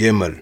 déemal